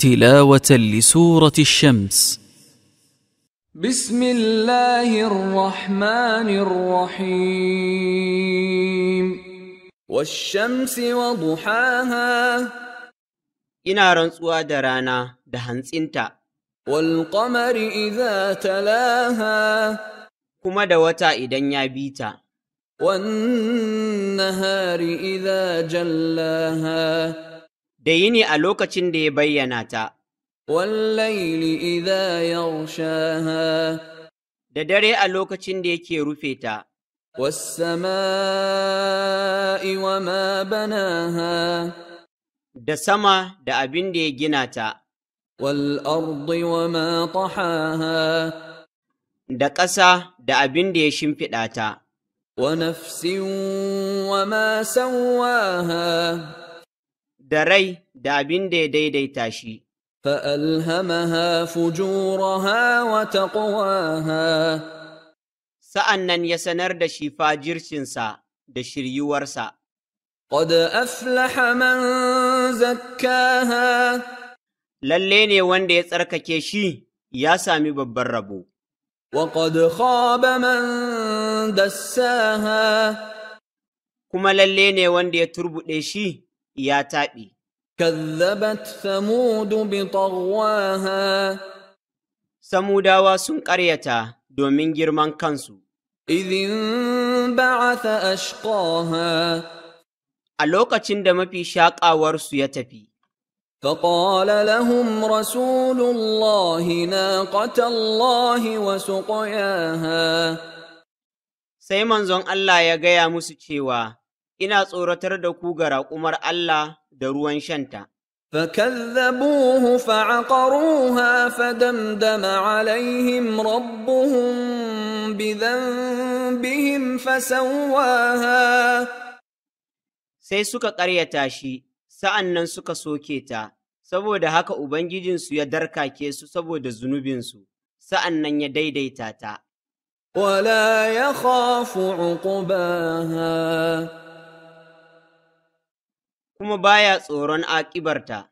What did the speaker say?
تلاوة لسورة الشمس بسم الله الرحمن الرحيم والشمس وضحاها إن سوى وادرانا دهن سنتا والقمر إذا تلاها كما دوتا إدنيا بيتا والنهار إذا جلاها da yini a lokacin da ya bayyana ta. Wallaili idha yarshaha da dare a lokacin da yake rufe ta. Wassama'i wa ma bana ha. da sama da abin da ya gina ta. Wal'ardi wa ma ha? da ƙasa da abin da ya shimfiɗa ta. Wa nafsin wa ma sawaha da rai da abin da ya daidaita shi. fujuraha wa وتقواها sa'an nan ya sanar da shi fajircinsa da shiryuwarsa. Qad aflaha man zakkaha Lalle ne wanda ya tsarkake shi ya sami babban rabo. Wa qad khaba man dassaha Kuma lalle ne wanda ya turbuɗe shi ya taɓe. samudu bi بطغواها Samudawa sun ƙaryata domin girman kansu إذ انبعث أشقاها a lokacin da mafi shaƙawarsu ya tafi فقال لهم رسول الله ناقة الله وسقياها sai manzon Allah ya gaya musu cewa ina tsoratar da ku ga raƙumar Allah da ruwan shanta. فكذبوه فعقروها فدمدم عليهم ربهم بذنبهم fasanwaha. sai suka ƙaryata shi sa'an nan suka soke ta saboda haka ubangijinsu ya darkake su saboda zunubinsu sa'an nan ya daidaita ta wala ya khafu uqubaha kuma ba ya tsoron aƙibarta.